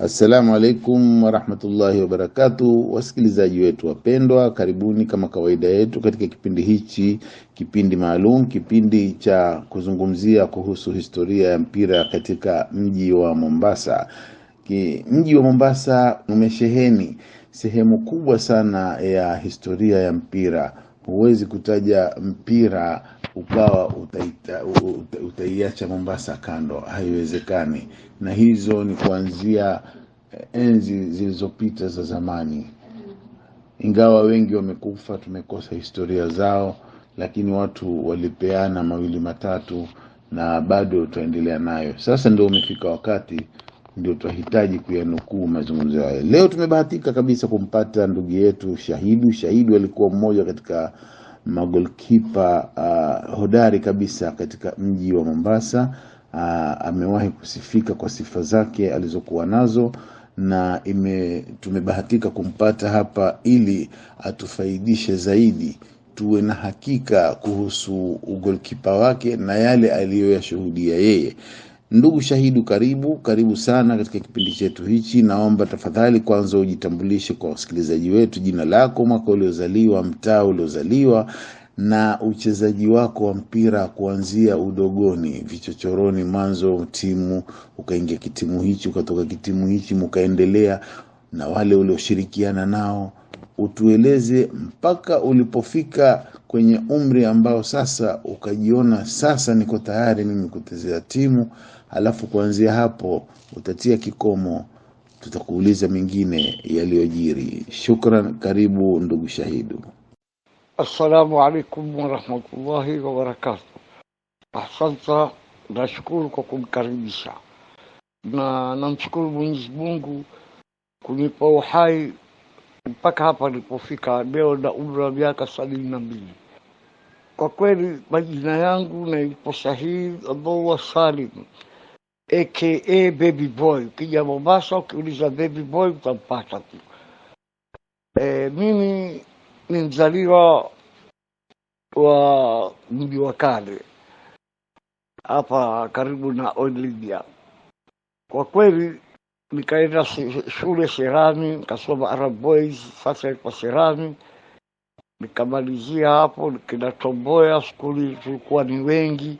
Assalamu alaikum warahmatullahi wabarakatuh, wasikilizaji wetu wapendwa, karibuni kama kawaida yetu katika kipindi hichi, kipindi maalum, kipindi cha kuzungumzia kuhusu historia ya mpira katika mji wa Mombasa. Ki, mji wa Mombasa umesheheni sehemu kubwa sana ya historia ya mpira. Huwezi kutaja mpira ukawa utaiacha uta, Mombasa kando, haiwezekani. Na hizo ni kuanzia eh, enzi zilizopita za zamani, ingawa wengi wamekufa, tumekosa historia zao, lakini watu walipeana mawili matatu, na bado tutaendelea nayo. Sasa ndio umefika wakati ndio tunahitaji kuyanukuu mazungumzo hayo. Leo tumebahatika kabisa kumpata ndugu yetu Shahidu. Shahidu alikuwa mmoja katika magolkipa uh, hodari kabisa katika mji wa Mombasa. Uh, amewahi kusifika kwa sifa zake alizokuwa nazo na ime, tumebahatika kumpata hapa ili atufaidishe zaidi, tuwe na hakika kuhusu ugolkipa wake na yale aliyoyashuhudia yeye. Ndugu Shahidu, karibu karibu sana katika kipindi chetu hichi. Naomba tafadhali kwanza ujitambulishe kwa wasikilizaji wetu, jina lako, mwaka uliozaliwa, mtaa uliozaliwa na uchezaji wako wa mpira kuanzia udogoni, vichochoroni, mwanzo timu, ukaingia kitimu hichi, ukatoka kitimu hichi, mukaendelea na wale ulioshirikiana nao utueleze mpaka ulipofika kwenye umri ambao sasa ukajiona sasa niko tayari mimi kutezea timu, alafu kuanzia hapo utatia kikomo, tutakuuliza mengine yaliyojiri. Shukran, karibu ndugu Shahidu. Assalamu alaikum warahmatullahi wabarakatu. Asante, nashukuru kwa kumkaribisha na namshukuru Mwenyezi Mungu kunipa uhai mpaka hapa nilipofika leo na umri wa miaka sabini na mbili. Kwa kweli majina yangu na ilipo sahihi Abdullah Salim aka Baby Boy. Ukija Mombasa ukiuliza Baby Boy utampata tu. E, mimi ni mzaliwa wa mji wa kale hapa karibu na Old Libya. Kwa kweli nikaenda shule Serani, nikasoma Arab Boys sasa ilikuwa Serani, nikamalizia hapo, nikaenda Tomboya skuli, tulikuwa ni wengi,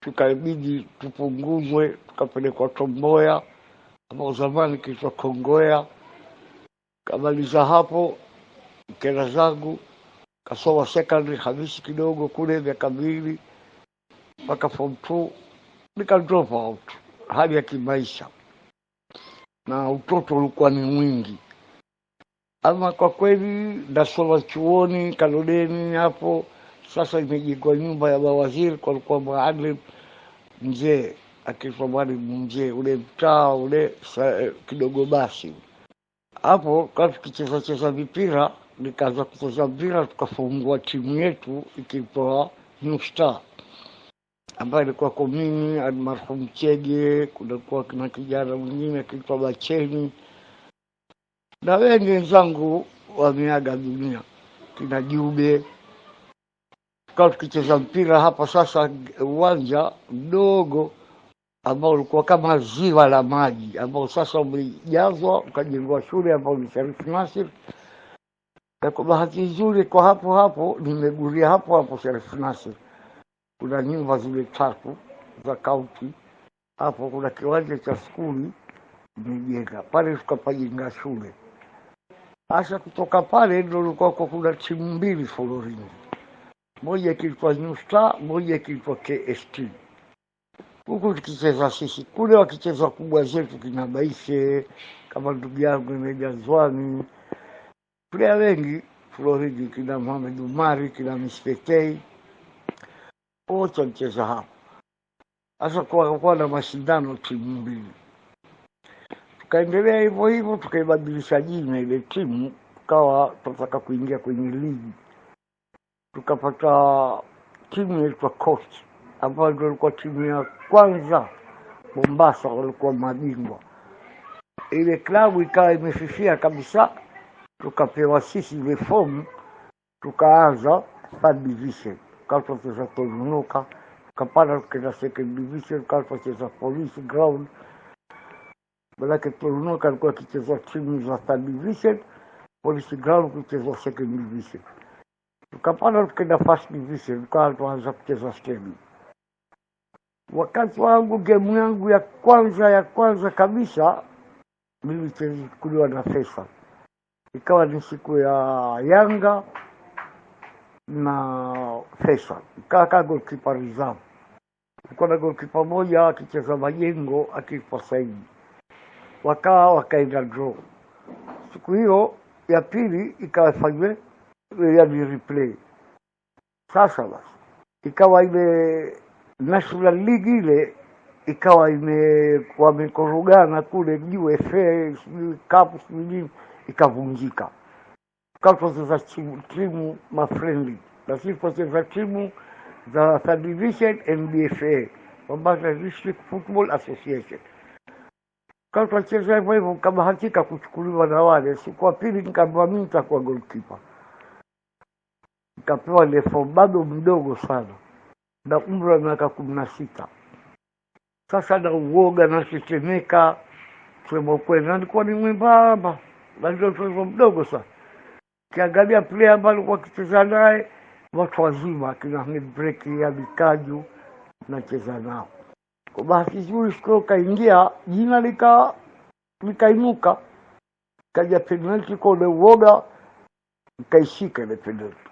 tukabidi tupunguzwe, tukapelekwa Tomboya ambao zamani kiitwa Kongoya. Kamaliza hapo, nikaenda zangu kasoma secondary Hamisi kidogo kule miaka miwili mpaka form 2 nika out, hali ya kimaisha na utoto ulikuwa ni mwingi. Ama kwa kweli nasoma chuoni Kalodeni hapo sasa, imejengwa nyumba ya mawaziri kwalikuwa alikuwa mwalimu mzee akiitwa mwalimu mzee, ule mtaa ule kidogo. Basi hapo kaa tukicheza cheza mipira, nikaanza kucheza mpira, tukafungua timu yetu ikitoa New Star ambaye alikuwa ko mimi almarhum Chege, kulikuwa kuna kijana mwingine akiitwa Bacheni na wengi wenzangu wameaga dunia, kina Jube. Tukawa tukicheza mpira hapa sasa, uwanja mdogo ambao ulikuwa kama ziwa la maji, ambao sasa umejazwa ukajengwa shule ambao ni Sharif Nasir. Na kwa bahati nzuri, kwa hapo hapo nimeguria hapo hapo Sharif Nasir kuna nyumba zile tatu za kaunti hapo, kuna kiwanja cha skuli imejenga pale, tukapajenga shule. Hasa kutoka pale ndo likuwako kuna timu mbili Folorini, moja kilikuwa New Star, moja kilikuwa KST. Huku tukicheza sisi, kule wakicheza kubwa zetu kina Baishe kama ndugu yangu Meja Zwani, kulea wengi Folorini, kina Mohamed Umari, kina Mispetei wote walicheza hapa. Sasa kuwa na mashindano timu mbili, tukaendelea hivyo hivyo, tukaibadilisha jina ile timu, tukawa tunataka kuingia kwenye ligi, tukapata timu inaitwa Coast ambayo ndio ilikuwa timu ya kwanza Mombasa, walikuwa mabingwa. Ile klabu ikawa imefifia kabisa, tukapewa sisi ile fomu, tukaanza third division carpaccio sa Coiunuca, Campana che la second division, carpaccio sa Police Ground, Malaki Coiunuca alikuwa akichezwa timu za third division, Police Ground kuchezwa second division. Tukapanda tukaenda first division, tukawa tuanza kucheza stadium. Wakati wangu gemu yangu ya kwanza ya kwanza kabisa nilichukuliwa na Faisal, ikawa ni siku ya Yanga na pesa. Kaka golkipa reserve, kulikuwa na golkipa moja akicheza majengo akipa saini, wakaa wakaenda draw. Siku hiyo ya e pili ikawafanywe yani e replay. Sasa basi ikawa ile national league ile ikawa ime wamekorogana kule juu FA sijui cup sijui nini, ikavunjika, tukacheza timu mafriendly na sifa za timu third division NBFA, Mombasa District Football Association. Kama tunacheza hivyo hivyo, kama hakika kuchukuliwa na wale. Siku ya pili nikaambiwa mimi nitakuwa goalkeeper, nikapewa lefo, bado mdogo sana na umri wa miaka kumi na sita. Sasa na uoga na natetemeka, kusema ukweli, na nilikuwa ni mwembamba, na ndio mdogo sana. Kiangalia player ambaye alikuwa akicheza naye watu wazima kina Ahmed Breki Abikaju nacheza nao. Kwa bahati nzuri sikoo kaingia jina lika likainuka, kaja penalti kwa ule uoga, nikaishika ile penalti,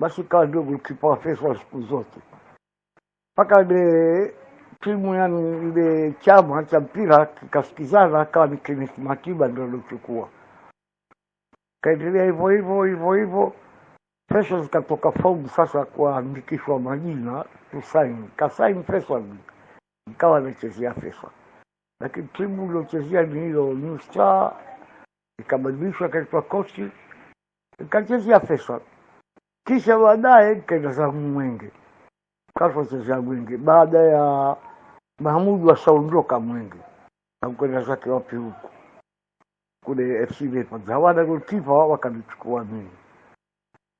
basi kawa ndio golikipa wa Feso siku zote mpaka ile timu yani ile chama cha mpira kikasikizana, akawa ni Kenneth Matiba ndio aliochukua, kaendelea hivyo hivyo hivyo hivyo pesa zikatoka fomu sasa kuandikishwa majina tusaini. Kasaini pesa nikawa nachezea pesa, lakini timu iliochezea ni hiyo New Star, ikabadilishwa kaitwa kochi, ikachezea pesa, kisha baadaye nikaenda zangu Mwenge kachezea Mwenge baada ya Mahamudu wasaondoka Mwenge akwenda zake wapi huku kule FC Leopards, hawana golikipa, wakanichukua mimi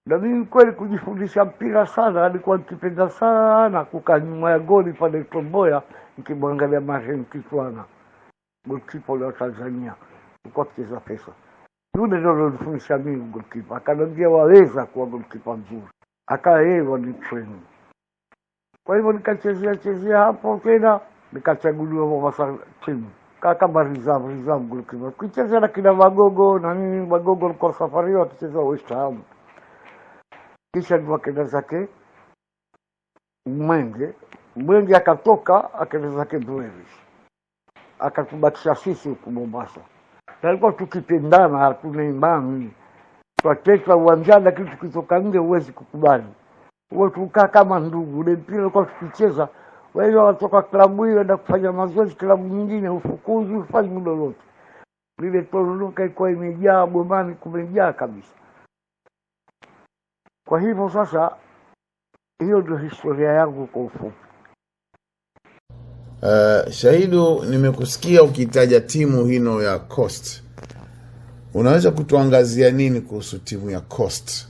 na mimi kweli kujifundisha mpira sana, alikuwa nikipenda sana kukaa nyuma ya goli pale Tomboya nikimwangalia marehemu Kitwana, golkipa wa Tanzania, kwa kucheza pesa. Yule ndio alonifundisha mimi golkipa, akanambia waweza kuwa golkipa mzuri, akawa yeye wanitreni. Kwa hivyo nikachezea chezea hapo tena, nikachaguliwa Mombasa timu kama reserve reserve goalkeeper, kucheza na kina Magogo na mimi. Magogo alikuwa safari wakicheza West Ham kisha akaenda zake Mwenge. Mwenge akatoka akaenda zake Mbweni, akatubakisha sisi huku Mombasa. Talikuwa tukipendana, hatuna imani, twateta uwanjani, lakini tukitoka nje huwezi kukubali huo, tukaa kama ndugu. Ule mpira ulikuwa tukicheza, wewe watoka klabu hiyo enda kufanya mazoezi klabu nyingine, ufukuzi ufanyi lolote. Lile tolunuka ilikuwa imejaa bomani, kumejaa kabisa. Kwa hivyo sasa, hiyo ndio historia yangu kwa ufupi. Uh, Shahidu, nimekusikia ukitaja timu hino ya Coast. Unaweza kutuangazia nini kuhusu timu ya Coast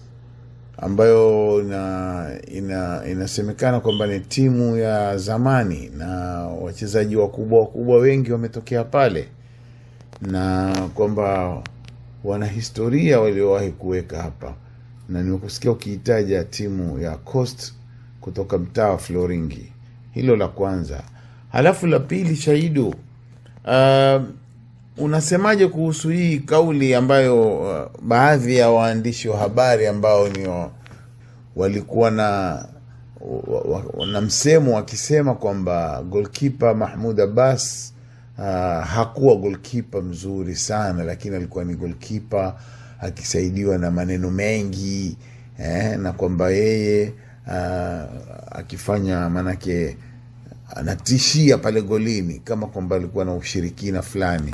ambayo ina, ina, inasemekana kwamba ni timu ya zamani na wachezaji wakubwa wakubwa wengi wametokea pale na kwamba wana historia waliowahi kuweka hapa na nimekusikia ukiitaja timu ya Coast kutoka mtaa wa Floringi. Hilo la kwanza, halafu la pili, Shaidu, uh, unasemaje kuhusu hii kauli ambayo uh, baadhi ya waandishi wa habari ambao ni walikuwa na na msemo wakisema kwamba golkipa Mahmud Abbas uh, hakuwa golkipa mzuri sana, lakini alikuwa ni golkipa akisaidiwa na maneno mengi eh, na kwamba yeye uh, akifanya manake ah, anatishia pale golini kama kwamba alikuwa na ushirikina fulani.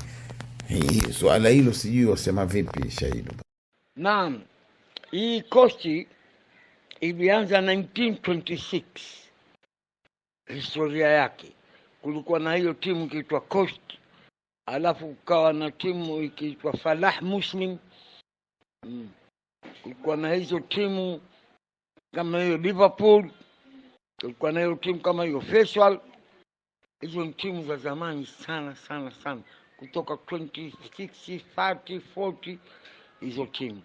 Swala hilo sijui wasema vipi Shahidu? Naam, hii kosti ilianza 1926 historia yake. Kulikuwa na hiyo timu ikiitwa Coast, alafu kukawa na timu ikiitwa Falah Muslim Mm. Kulikuwa na hizo timu kama hiyo Liverpool, kulikuwa na hiyo timu kama hiyo Faisal. Hizo ni timu za zamani sana sana sana, kutoka 20, 60, 30, 40 hizo timu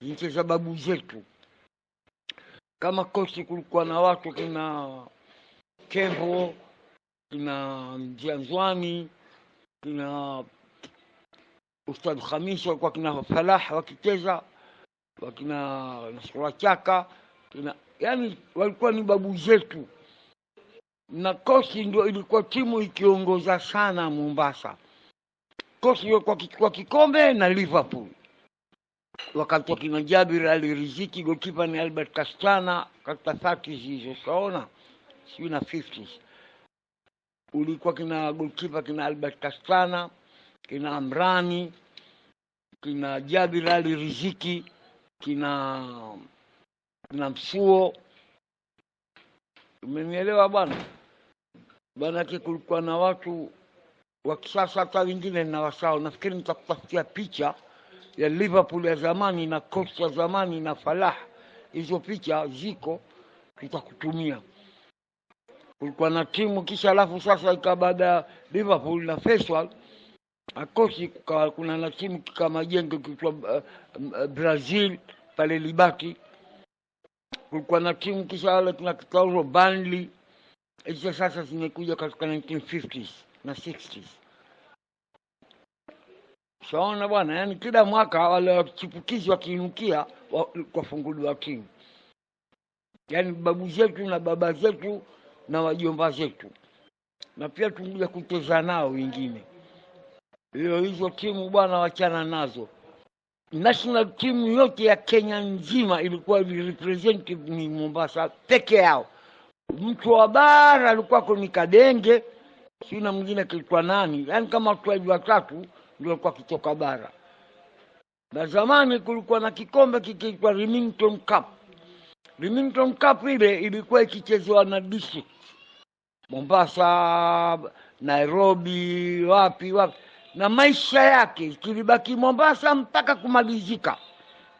nchi sababu zetu. Kama kosi kulikuwa na watu kina Kembo, kina Mjanzwani, kina Ustadh Khamis walikuwa kina Falah wakicheza wakina Nasrullah Chaka kina, yani walikuwa ni babu zetu, na Kosi ndio ilikuwa timu ikiongoza sana Mombasa. Kosi ilikuwa kichukua kikombe na Liverpool wakati wakina Jabir Ali Riziki, gokipa ni Albert Kastana, katika 30 hizo saona sijui na 50s ulikuwa kina gokipa kina Albert Kastana kina Amrani, kina Jabir Ali Riziki, kina kina Msuo. Umenielewa bwana? Maanake kulikuwa na watu wa kisasa, hata wengine na wasao. Nafikiri nitakutafutia picha ya Liverpool ya zamani na kocha ya zamani na Falah, hizo picha ziko, tutakutumia kulikuwa na timu kisha, alafu sasa ikabada baada ya Liverpool na Feisal akosi kuna nasimu kika jengo kichwa eh, eh, Brazil pale Libaki, kulikuwa na timu kisha wale tuna kitauzo Burnley hizo sasa zimekuja katika 1950s na 60s. Shaona bwana, yani kila mwaka wale wachipukizi wakiinukia kwafunguliwa timu, yani babu zetu na baba zetu na wajomba zetu, na pia tukuja kucheza nao wengine hiyo hizo timu bwana, wachana nazo. National team yote ya Kenya nzima ilikuwa representative ni Mombasa peke yao. Mtu wa bara alikuwa ni Kadenge, sina mwingine kilikuwa nani, yaani kama watu watatu ndio alikuwa kitoka bara. Na zamani kulikuwa na kikombe kikiitwa Remington Cup. Remington Cup ile ilikuwa ikichezewa na district Mombasa, Nairobi, wapi wapi na maisha yake kilibaki Mombasa mpaka kumalizika,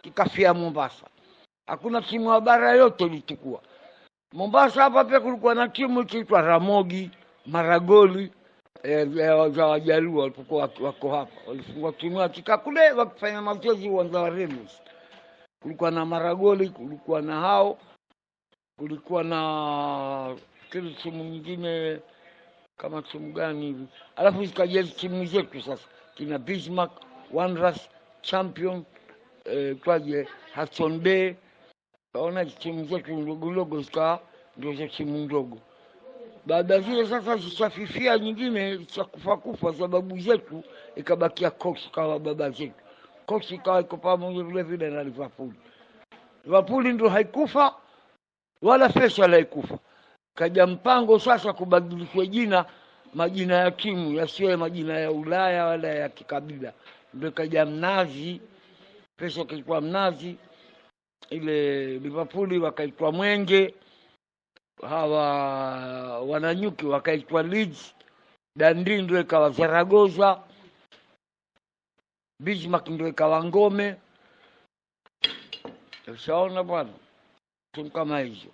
kikafia Mombasa. Hakuna timu ya bara yote ilichukua Mombasa. Hapa pia kulikuwa na timu ikiitwa Ramogi Maragoli eh, eh, za Wajaluo walipokuwa wako hapa, walifungua timu katika kule wakifanya mazoezi uwanja wa Remus. Kulikuwa na Maragoli, kulikuwa na hao, kulikuwa na timu nyingine kama timu gani hivi, alafu zikajezi timu zetu sasa, kina Bismarck, Wanderers, Champion eh, kwaje Hudson Bay, kaona timu zetu ndogo ndogo zikawa ndio za timu ndogo. Baada zile sasa zishafifia, nyingine zishakufa kufa, sababu zetu ikabakia coach kawa baba zetu. coach ikawa iko pamoja vile vile na Liverpool. Liverpool ndio haikufa wala Feisal haikufa Kaja mpango sasa kubadilishwa jina, majina ya timu yasiwe majina ya Ulaya wala ya kikabila. Ndio kaja Mnazi, kesho kaitwa Mnazi, ile Liverpool wakaitwa Mwenge, hawa wananyuki wakaitwa Leeds, dandi ndio ikawa Zaragoza, Bismarck ndio ikawa Ngome. Ushaona bwana, timu kama hizo.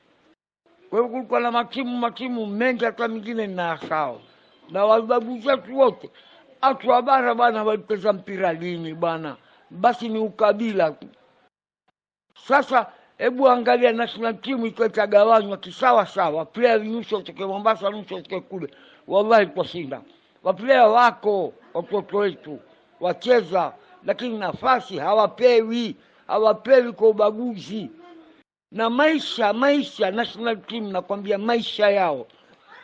Kwa hiyo kulikuwa na matimu matimu mengi, hata mingine na sawa na wababu zetu wote atu wa bara bana walicheza mpira lini bwana? Basi ni ukabila tu. Sasa hebu angalia national team ikiwa itagawanywa kisawa sawa, player nusu toke Mombasa, nusu toke kule. Wallahi tutashinda, waplayer wako watoto wetu wacheza, lakini nafasi hawapewi, hawapewi kwa ubaguzi na maisha maisha national team nakwambia maisha yao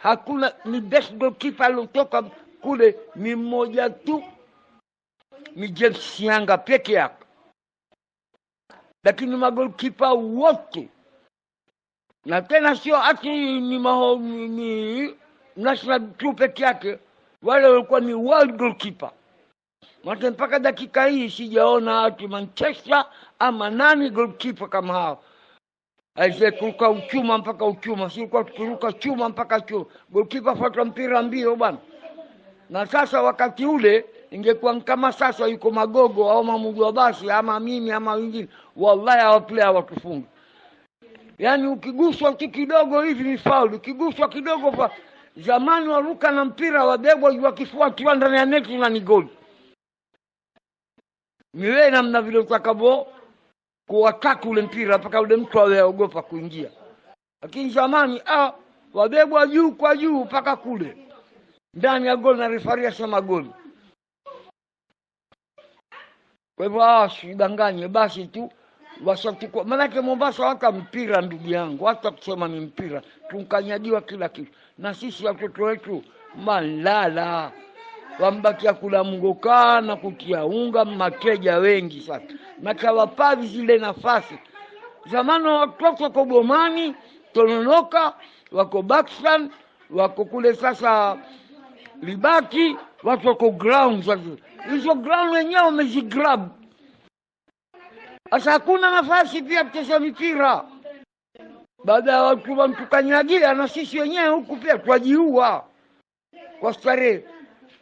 hakuna ni best goalkeeper aliotoka kule ni mmoja tu ni James Yanga peke yake lakini magolkipa wote na tena sio ati ni maho ni ni national tu peke yake wale walikuwa ni world goalkeeper mate mpaka dakika hii sijaona ati Manchester ama nani goalkeeper kama hao Aisee kuruka uchuma mpaka uchuma, si kwa tukiruka chuma mpaka chuma, golikipa fuata mpira mbio bwana. Na sasa wakati ule ingekuwa kama sasa yuko Magogo au Mamugwa basi ama mimi ama wengine, wallahi hawa player hawatufungi. Yaani ukiguswa tu kidogo hivi ni faul, ukiguswa kidogo fa zamani waruka na mpira wabebwa juu kifua kiwa ndani ya neti na ni goli. Miwe namna vile utakavyo kuwataka ule mpira mpaka ule mtu awe aogopa kuingia. Lakini zamani ah, wabebwa juu kwa juu mpaka kule ndani ya goli na refari asema goli. Kwa hivyo ah, sidanganye basi tu wasatikwa, maanake, Mombasa hata mpira ndugu yangu, hata kusema ni mpira tukanyajiwa kila kitu, na sisi watoto wetu malala wambakia kula na kutia unga makeja wengi sasa nakawapavi zile nafasi. Zamani watoto wako Bomani, Tononoka, wako Bakstan, wako kule sasa Libaki, watu wako ground. Hizo ground wenyewe wamezigrab sasa, hakuna nafasi pia kucheza mipira baada ya watu wamtukanyagia, na sisi wenyewe huku pia twajiua kwa starehe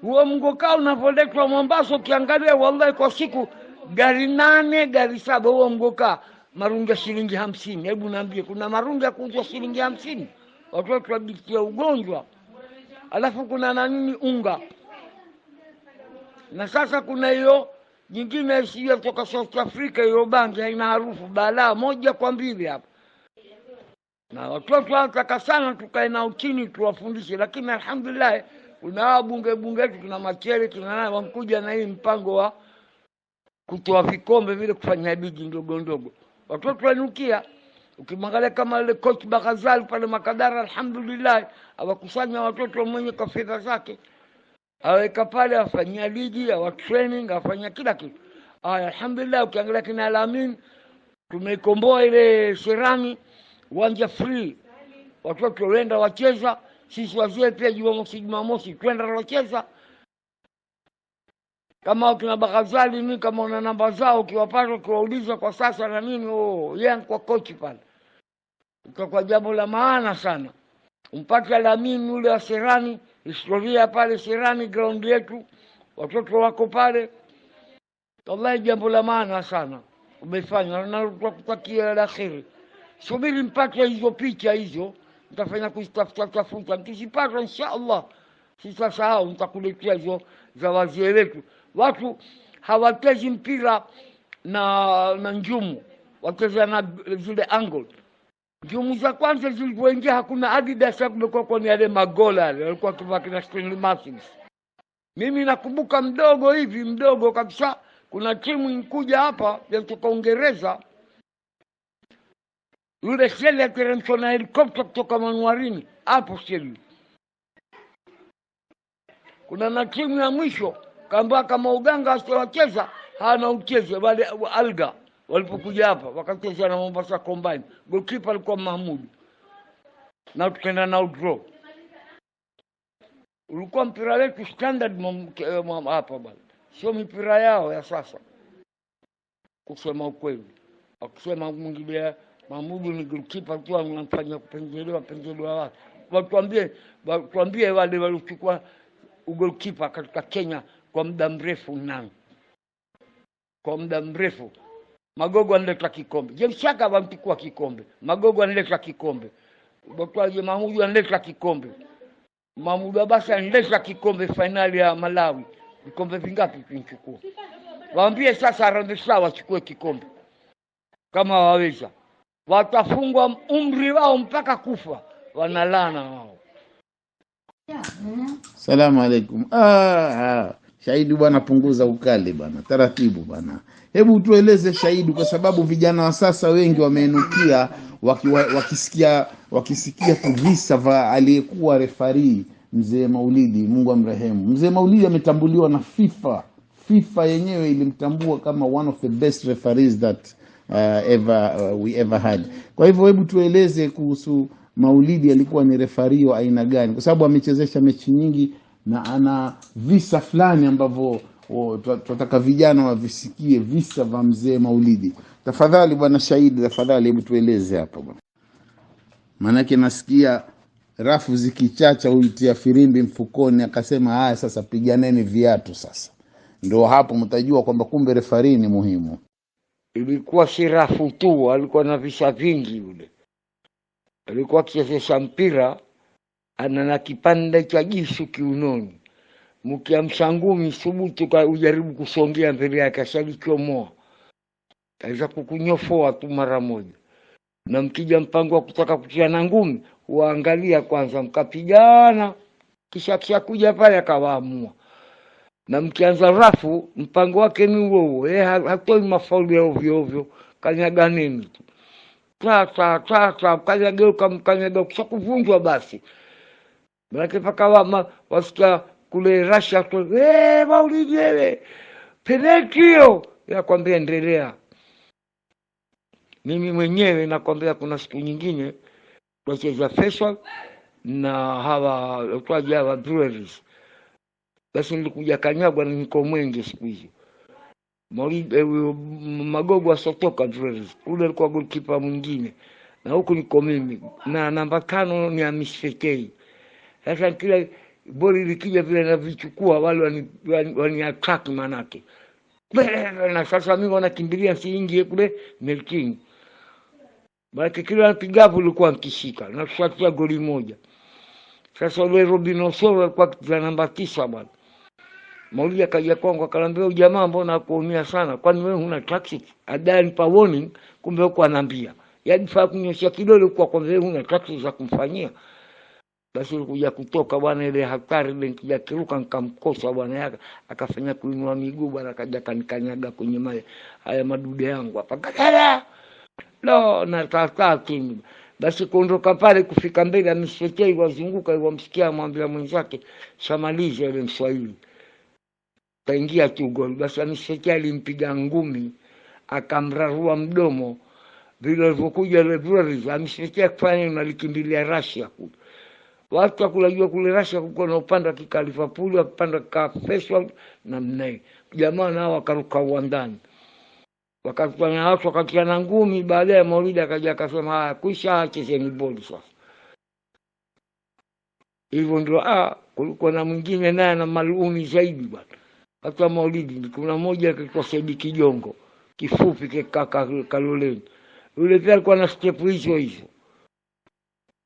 huo mgokaa unavoletwa Mombasa, ukiangalia wallahi, kwa siku gari nane gari saba, huo mgokaa marungu ya shilingi hamsini. Hebu naambie, kuna marungu ya kuuzwa shilingi hamsini? Watoto wabikia ugonjwa. Alafu kuna nanini unga, na sasa kuna hiyo nyingine isiyo toka South Africa, hiyo bangi haina harufu, balaa moja kwa mbili hapa na watoto wanataka sana tukae nao chini tuwafundishe, lakini alhamdulillah kuna bunge bunge yetu tuna makeri tuna nani, wamkuja na hii mpango wa kutoa vikombe vile, kufanya bidii ndogo ndogo, watoto wanukia. Ukimwangalia kama ile coach Bakazali pale Makadara, alhamdulillah awakusanya watoto mwenye kwa fedha zake, aweka pale, afanyia ligi, awa training, afanyia kila kitu. Aya, alhamdulillah. Ukiangalia kina Alamin, tumeikomboa ile Serani, uwanja free, watoto wenda wacheza sisi wazee pia Jumamosi Jumamosi twenda locheza kama kina Bakazali ni kama una namba zao, ukiwapata ukiwauliza kwa sasa na nini, oh, yeye kwa kochi pale, kwa jambo la maana sana mpaka Lamini ule wa Serani, historia pale Serani ground yetu, watoto wako pale, wallahi jambo la maana sana umefanya, na nakutakia la kheri. Subiri mpaka hizo picha hizo Utafanya kuzitafuta nkizipata insha Allah sitasahau, nitakuletea hizo za wazee wetu. Watu hawatezi mpira na na njumu, wacheza na zile angle njumu za kwanza zilivyoingia, hakuna Adidas, kumekuwa kwani yale magola yale walikuwa wakivaa kina Stanley Martins. Mimi nakumbuka mdogo hivi mdogo kabisa, kuna timu nkuja hapa yatoka Uingereza yule Shele ateremshwa na helikopta kutoka manuarini, hapo Shele. Kuna na timu ya mwisho kaambia kama uganga asiwacheza hana ucheze, wale alga walipokuja hapa wakacheza na Mombasa Combine, goalkeeper alikuwa Mahmud na tukaenda na draw. Ulikuwa mpira wetu standard eh, hapa bwana, sio mipira yao ya sasa, kusema ukweli, akusema mwingilia Mamudu ni golikipa tu anafanya kupendelewa pendelewa watu. Watuambie watuambie wale waliochukua ugolikipa katika Kenya kwa muda mrefu nani? Kwa muda mrefu Magogo analeta kikombe. Je, mshaka wamchukua kikombe. Magogo analeta kikombe. Botwaje Mamudu analeta kikombe. Mamudu Abasa analeta kikombe fainali ya Malawi. Vikombe vingapi vinchukua? Waambie sasa Ramesha wachukue kikombe kama waweza watafungwa umri wao mpaka kufa, wanalana wao. Salamu alaikum. Ah, ah. bwana, punguza ukali bwana, taratibu bwana. Hebu tueleze shahidi kwa sababu vijana wa sasa wengi wameenukia waki, wakisikia wakisikia va aliyekuwa refarii mzee Maulidi, Mungu amrehemu. Mzee Maulidi ametambuliwa na FIFA. FIFA yenyewe ilimtambua kama one of the best referees that uh, ever, uh, we ever had. Kwa hivyo hebu tueleze kuhusu Maulidi alikuwa ni refario aina gani, kwa sababu amechezesha mechi nyingi na ana visa fulani ambavyo tunataka vijana wavisikie, visa vya mzee Maulidi. Tafadhali bwana Shahidi, tafadhali hebu tueleze hapa bwana, maanake nasikia rafu zikichacha, huitia firimbi mfukoni, akasema haya, sasa piganeni viatu. Sasa ndio hapo mtajua kwamba kumbe refari ni muhimu ilikuwa si rafu tu, alikuwa na visa vingi. Yule alikuwa akichezesha mpira, ana na kipande cha jisu kiunoni, mkiamsha ngumi subutu, ujaribu kusongea mbele yake, ashalichomoa aweza kukunyofoa tu mara moja. Na mkija mpango wa kutaka kuchia na ngumi, waangalia kwanza, mkapigana, kisha kisha kuja pale akawaamua na mkianza rafu mpango wake ni huo huo, yeye hatoi mafauli ya ovyo ovyo, kanyaga nini tu tatatata mkanyageuka mkanyaga kusha kuvunjwa basi, manake mpaka wama wasikia kule Rasha tu hey, eh, maulidi penekio yakwambia endelea. Mimi mwenyewe nakwambia kuna siku nyingine tutacheza fesha na hawa utwaji hawa breweries basi nilikuja kanyagwa, niko mwenge siku hizo. Huyo eh, Magogo asotoka kule, alikuwa golkipa mwingine, na huku niko mimi na namba tano ni amishekei Sasa kila boli likija vile navichukua, wale wani attack manake na sasa mimi wanakimbilia siingie kule melkini, maanake kila pigapo ilikuwa nkishika na kushatia goli moja. Sasa ule Robin Osoro alikuwa kicheza namba tisa bwana Maulidi akaja kwangu akaniambia, ujamaa mbona akuumia sana, kwani wewe huna Adani pa warning, kumbe huko anaambia yaani faa kunyoshia kidole kwa kwa wewe huna taksi za kumfanyia. Basi kuja kutoka bwana, ile hatari ile nikija kiruka nikamkosa bwana yake, akafanya kuinua miguu bwana, akaja kanikanyaga kwenye mali haya madude yangu hapa kakala lo na tataa kimi. Basi kuondoka pale kufika mbele, amsitetei wazunguka, iwamsikia amwambia mwenzake, samalize ile Mswahili kaingia tu goli. Basi amisheki yaani alimpiga ngumi akamrarua mdomo vile alivyokuja Lebrari amshirikia kufanya nalikimbilia Rasia kule. Watu wakulajua kule Rasia kulikuwa na upande wa kika Liverpool, upande wa kika Arsenal na mnae. Jamaa nao wakaruka uwandani. Wakakuwa na watu na ngumi, baadaye Maulidi akaja akasema haya kuisha achezeni boli sasa. Hivyo ndio ah, kulikuwa na mwingine naye na malumi zaidi bwana hata maulidi kuna moja akaitwa Saidi Kijongo, kifupi kaka Kaloleni. Yule pia alikuwa na stepu hizo hizo,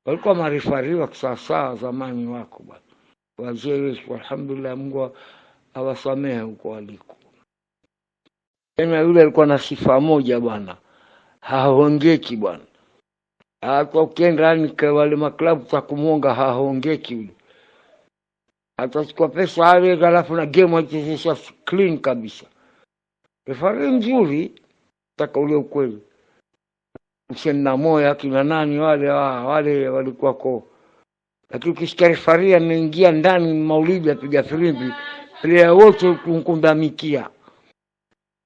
walikuwa marifari wa kisasa zamani wako bwana wazee wetu. Alhamdulillah, Mungu awasamehe huko waliko. Tena yule alikuwa na sifa moja bwana, haongeki bwana. Ukienda wale maklabu za kumwonga, haongeki yule atachukua pesa ale, halafu na game aichezesha clean kabisa. Refari mzuri, taka ule ukweli. na moya kina nani wale wale walikuwako, lakini ukisikia refari ameingia ndani, Maulidi apiga firimbi plea wote kumkundamikia,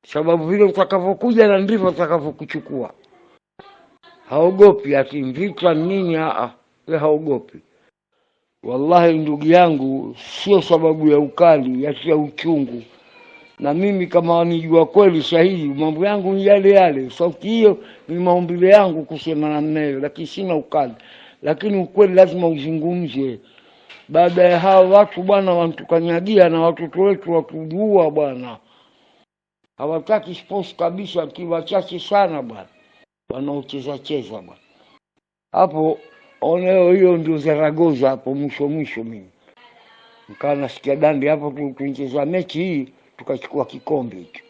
sababu vile utakavyokuja na ndivyo utakavyokuchukua. Haogopi ati vita nini, haogopi Wallahi ndugu yangu, sio sababu ya ukali yatia uchungu. Na mimi kama wanijua kweli sahihi, mambo yangu ni yale yale. Sauti hiyo ni maumbile yangu kusema na mmewe, lakini sina ukali, lakini ukweli lazima uzungumzwe. Baada ya hao watu bwana, wanatukanyagia na watoto wetu watujua bwana, hawataki sports kabisa, kiwachache sana bwana, wanaocheza cheza bwana hapo Oneo hiyo ndio Zaragoza hapo mwisho mwisho, mimi nikawa nasikia dandi hapo, tukicheza mechi hii tukachukua kikombe hicho.